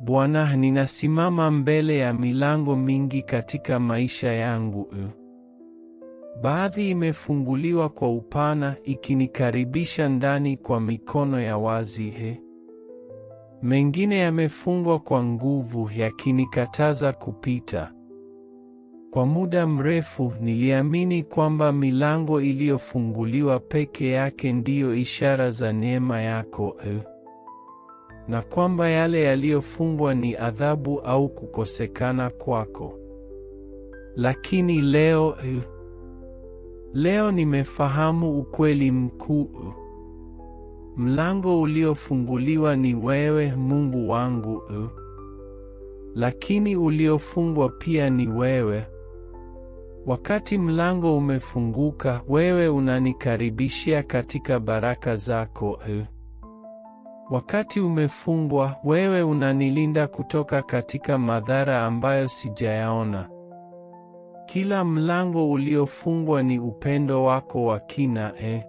Bwana, ninasimama mbele ya milango mingi katika maisha yangu. Baadhi imefunguliwa kwa upana ikinikaribisha ndani kwa mikono ya wazi he. Mengine yamefungwa kwa nguvu yakinikataza kupita. Kwa muda mrefu niliamini kwamba milango iliyofunguliwa peke yake ndiyo ishara za neema yako na kwamba yale yaliyofungwa ni adhabu au kukosekana kwako. Lakini leo leo nimefahamu ukweli mkuu. Mlango uliofunguliwa ni wewe, Mungu wangu, lakini uliofungwa pia ni wewe. Wakati mlango umefunguka, wewe unanikaribishia katika baraka zako. Wakati umefungwa, wewe unanilinda kutoka katika madhara ambayo sijayaona. Kila mlango uliofungwa ni upendo wako wa kina, eh.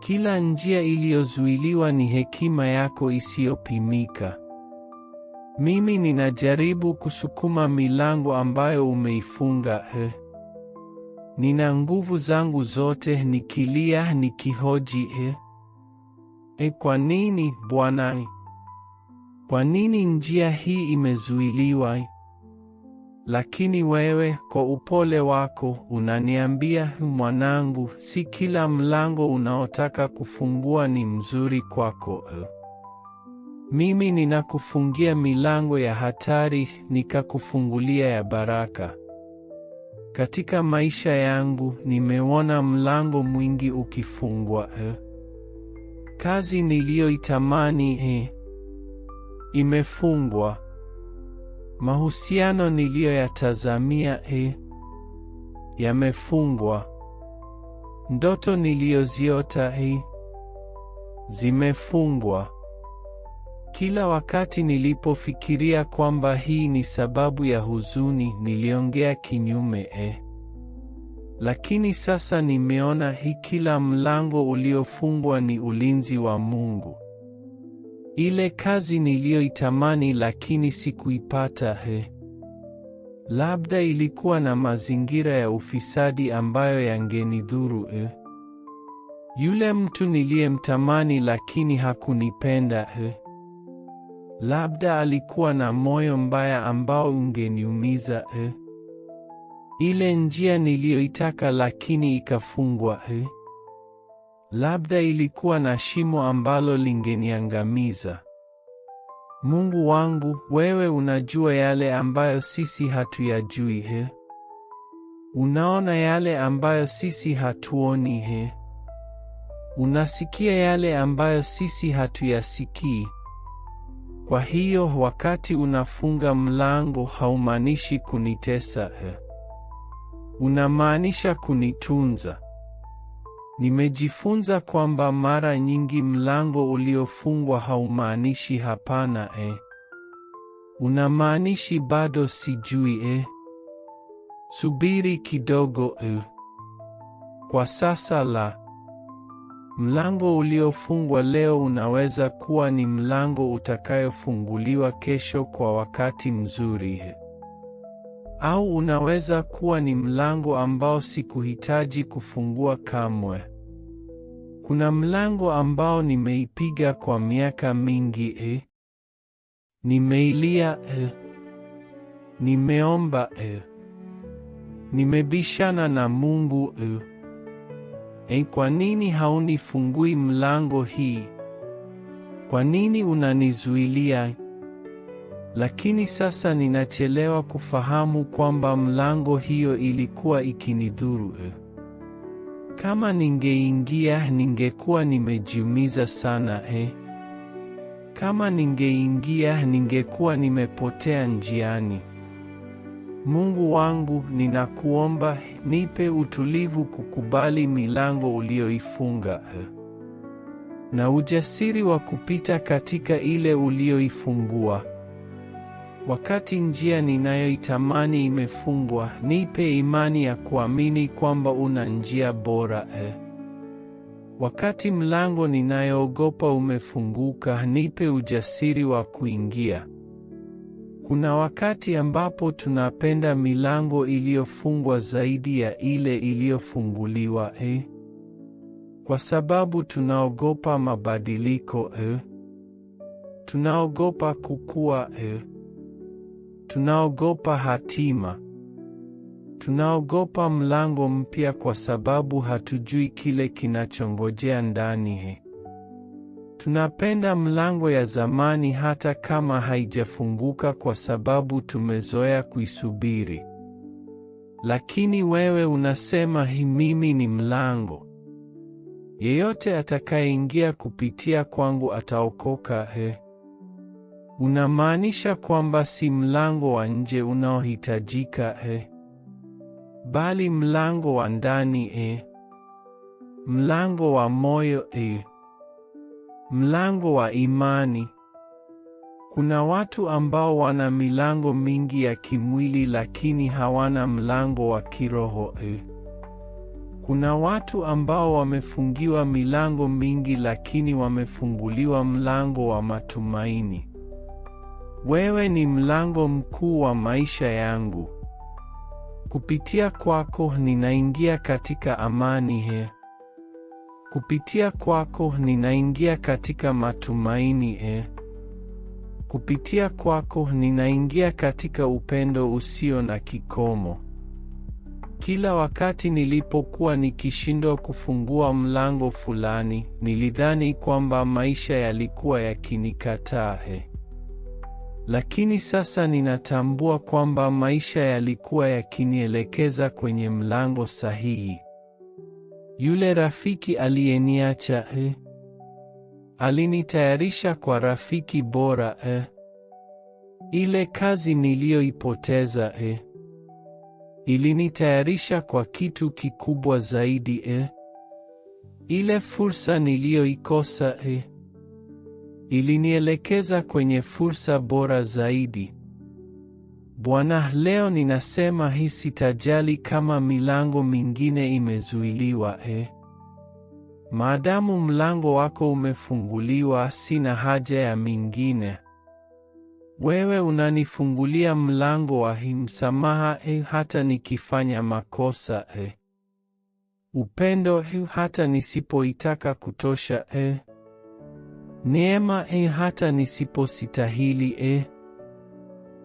Kila njia iliyozuiliwa ni hekima yako isiyopimika. Mimi ninajaribu kusukuma milango ambayo umeifunga, eh. Nina nguvu zangu zote nikilia, nikihoji, eh. E, kwa nini Bwana? Kwa nini njia hii imezuiliwa? Lakini wewe kwa upole wako unaniambia, mwanangu, si kila mlango unaotaka kufungua ni mzuri kwako. E. Mimi ninakufungia milango ya hatari, nikakufungulia ya baraka. Katika maisha yangu nimeona mlango mwingi ukifungwa. E. Kazi niliyoitamani he, eh, imefungwa. Mahusiano niliyoyatazamia he, eh, yamefungwa. Ndoto niliyoziota he, eh, zimefungwa. Kila wakati nilipofikiria kwamba hii ni sababu ya huzuni, niliongea kinyume eh. Lakini sasa nimeona hii, kila mlango uliofungwa ni ulinzi wa Mungu. Ile kazi niliyoitamani lakini sikuipata. He, labda ilikuwa na mazingira ya ufisadi ambayo yangenidhuru. He, yule mtu niliyemtamani lakini hakunipenda. He, labda alikuwa na moyo mbaya ambao ungeniumiza. He. Ile njia niliyoitaka lakini ikafungwa. He? Labda ilikuwa na shimo ambalo lingeniangamiza. Mungu wangu, wewe unajua yale ambayo sisi hatuyajui. He? Unaona yale ambayo sisi hatuoni. He? Unasikia yale ambayo sisi hatuyasikii. Kwa hiyo wakati unafunga mlango haumaanishi kunitesa. He? Unamaanisha kunitunza? Nimejifunza kwamba mara nyingi mlango uliofungwa haumaanishi hapana eh. Unamaanishi bado sijui eh. Subiri kidogo eh. Kwa sasa la. Mlango uliofungwa leo unaweza kuwa ni mlango utakayofunguliwa kesho kwa wakati mzuri eh. Au unaweza kuwa ni mlango ambao sikuhitaji kufungua kamwe. Kuna mlango ambao nimeipiga kwa miaka mingi eh. Nimeilia eh. Nimeomba eh. Nimebishana na Mungu eh. Eh, kwa nini haunifungui mlango hii? Kwa nini unanizuilia? Lakini sasa ninachelewa kufahamu kwamba mlango hiyo ilikuwa ikinidhuru. Kama ningeingia ningekuwa nimejiumiza sana eh. Kama ningeingia ningekuwa nimepotea njiani. Mungu wangu, ninakuomba nipe utulivu kukubali milango ulioifunga eh? na ujasiri wa kupita katika ile ulioifungua. Wakati njia ninayoitamani imefungwa, nipe imani ya kuamini kwamba una njia bora eh. Wakati mlango ninayoogopa umefunguka, nipe ujasiri wa kuingia. Kuna wakati ambapo tunapenda milango iliyofungwa zaidi ya ile iliyofunguliwa eh, kwa sababu tunaogopa mabadiliko eh, tunaogopa kukua eh. Tunaogopa hatima. Tunaogopa mlango mpya kwa sababu hatujui kile kinachongojea ndani. Tunapenda mlango ya zamani hata kama haijafunguka kwa sababu tumezoea kuisubiri. Lakini wewe unasema hi, mimi ni mlango. Yeyote atakayeingia kupitia kwangu ataokoka. He. Unamaanisha kwamba si mlango wa nje unaohitajika e, bali mlango wa ndani e, mlango wa moyo e, mlango wa imani. Kuna watu ambao wana milango mingi ya kimwili lakini hawana mlango wa kiroho e. Kuna watu ambao wamefungiwa milango mingi lakini wamefunguliwa mlango wa matumaini. Wewe ni mlango mkuu wa maisha yangu. Kupitia kwako ninaingia katika amani he. Kupitia kwako ninaingia katika matumaini he. Kupitia kwako ninaingia katika upendo usio na kikomo. Kila wakati nilipokuwa nikishindwa kufungua mlango fulani, nilidhani kwamba maisha yalikuwa yakinikataa he lakini sasa ninatambua kwamba maisha yalikuwa yakinielekeza kwenye mlango sahihi. Yule rafiki aliyeniacha eh, alinitayarisha kwa rafiki bora eh. Ile kazi niliyoipoteza eh, ilinitayarisha kwa kitu kikubwa zaidi eh. Ile fursa niliyoikosa eh, ilinielekeza kwenye fursa bora zaidi. Bwana, leo ninasema hii, sitajali kama milango mingine imezuiliwa. E eh, maadamu mlango wako umefunguliwa, sina haja ya mingine. Wewe unanifungulia mlango wa himsamaha eh, hata nikifanya makosa eh, upendo eh, hata nisipoitaka kutosha eh, Neema e, hata nisipositahili e,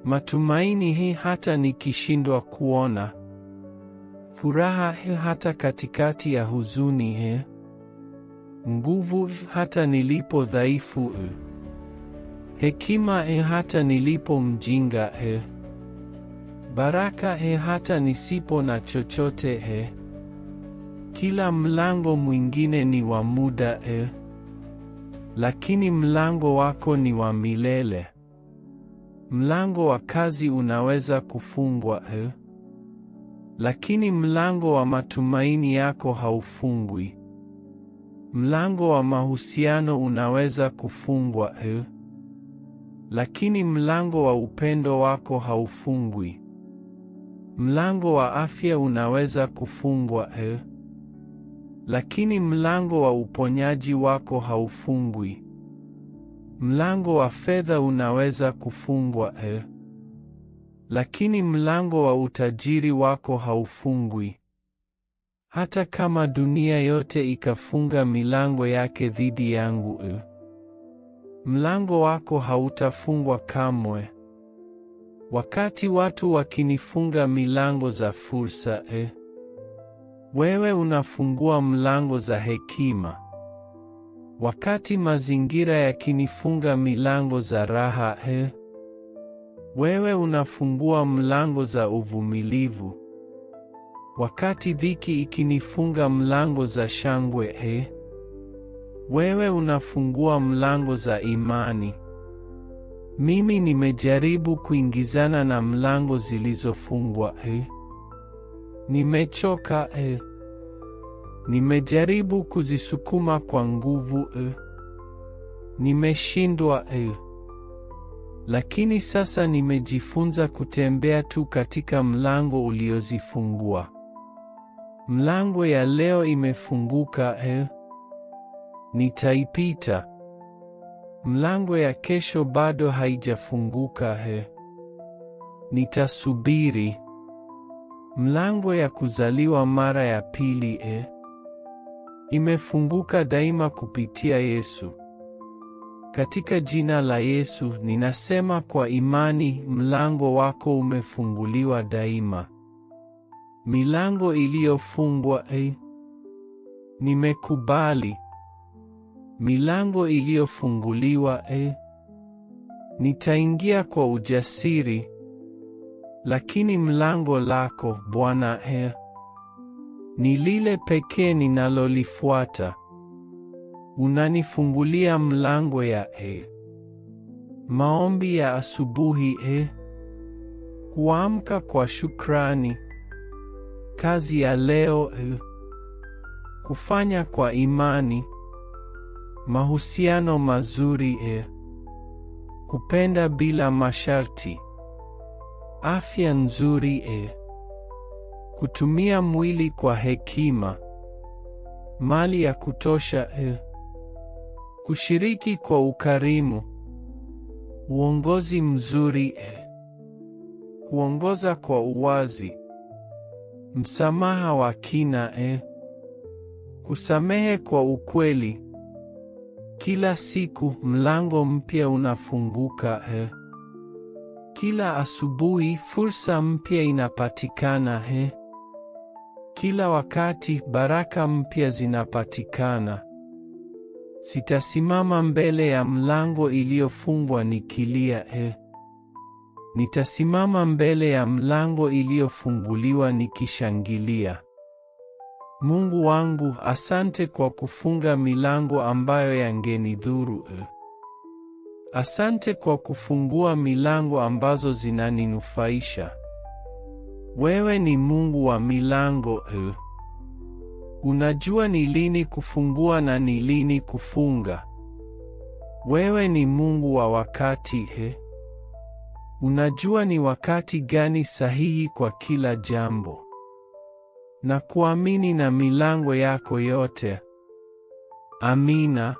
matumaini e, hata nikishindwa kuona, furaha e, hata katikati ya huzuni e, nguvu e hata nilipo dhaifu e, hekima e, hata nilipo mjinga e, baraka e, hata nisipo na chochote e, kila mlango mwingine ni wa muda e lakini mlango wako ni wa milele. Mlango wa kazi unaweza kufungwa eh, lakini mlango wa matumaini yako haufungwi. Mlango wa mahusiano unaweza kufungwa eh, lakini mlango wa upendo wako haufungwi. Mlango wa afya unaweza kufungwa eh, lakini mlango wa uponyaji wako haufungwi. Mlango wa fedha unaweza kufungwa e, lakini mlango wa utajiri wako haufungwi. Hata kama dunia yote ikafunga milango yake dhidi yangu e, mlango wako hautafungwa kamwe. Wakati watu wakinifunga milango za fursa eh, wewe unafungua mlango za hekima. Wakati mazingira yakinifunga milango za raha, he, wewe unafungua mlango za uvumilivu. Wakati dhiki ikinifunga mlango za shangwe, he, wewe unafungua mlango za imani. Mimi nimejaribu kuingizana na mlango zilizofungwa, he Nimechoka eh. Nimejaribu kuzisukuma kwa nguvu eh. Nimeshindwa eh. Lakini sasa nimejifunza kutembea tu katika mlango uliozifungua. Mlango ya leo imefunguka eh. Nitaipita. Mlango ya kesho bado haijafunguka eh. Nitasubiri. Mlango ya kuzaliwa mara ya pili e, imefunguka daima kupitia Yesu. Katika jina la Yesu ninasema kwa imani, mlango wako umefunguliwa daima. Milango iliyofungwa e, nimekubali. Milango iliyofunguliwa e, nitaingia kwa ujasiri. Lakini mlango lako Bwana he, ni lile pekee ninalolifuata. Unanifungulia mlango ya he, maombi ya asubuhi he, kuamka kwa shukrani, kazi ya leo he, kufanya kwa imani, mahusiano mazuri he, kupenda bila masharti. Afya nzuri e. Kutumia mwili kwa hekima. Mali ya kutosha e. Kushiriki kwa ukarimu. Uongozi mzuri e. Kuongoza kwa uwazi. Msamaha wa kina e. Kusamehe kwa ukweli. Kila siku mlango mpya unafunguka eh. Kila asubuhi fursa mpya inapatikana he. Kila wakati baraka mpya zinapatikana. Sitasimama mbele ya mlango iliyofungwa nikilia he. Nitasimama mbele ya mlango iliyofunguliwa nikishangilia. Mungu wangu, asante kwa kufunga milango ambayo yangenidhuru eh. Asante kwa kufungua milango ambazo zinaninufaisha. Wewe ni Mungu wa milango hu. E. Unajua ni lini kufungua na ni lini kufunga. Wewe ni Mungu wa wakati hu. E. Unajua ni wakati gani sahihi kwa kila jambo. Na kuamini na milango yako yote. Amina.